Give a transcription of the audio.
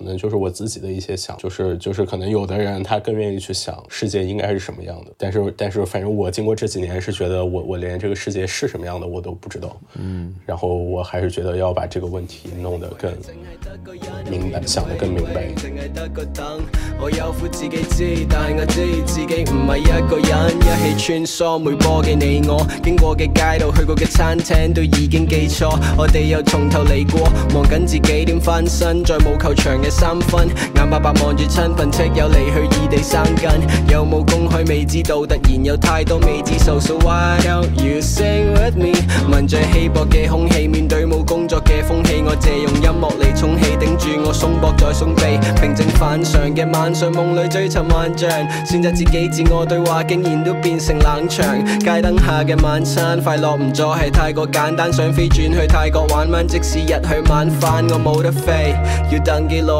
可能就是我自己的一些想，就是就是可能有的人他更願意去想世界應該是什麼樣的，但是但是反正我經過這幾年是覺得我我連這個世界是什麼樣的我都不知道。嗯，然後我還是覺得要把這個問題弄得更明白、嗯、想得更明白、嗯、我有苦自己知，但我知自己唔係一個人，一起穿梭每波嘅你，我經過嘅街道去過嘅餐廳都已經記錯，我哋又從頭嚟過，忙緊自己點翻身，再冇球場嘅三分眼白白望住親朋戚友離去異地生根，有冇公開未知道，突然有太多未知 So so，why don't you sing with me？聞着稀薄嘅空氣，面對冇工作嘅風氣，我借用音樂嚟充氣，頂住我鬆膊再鬆背，平靜反常嘅晚上，夢裏追尋幻象，選擇自己自我對話，竟然都變成冷場。街燈下嘅晚餐，快樂唔再係太過簡單，想飛轉去泰國玩玩，即使日去晚返，我冇得飛，要等幾耐？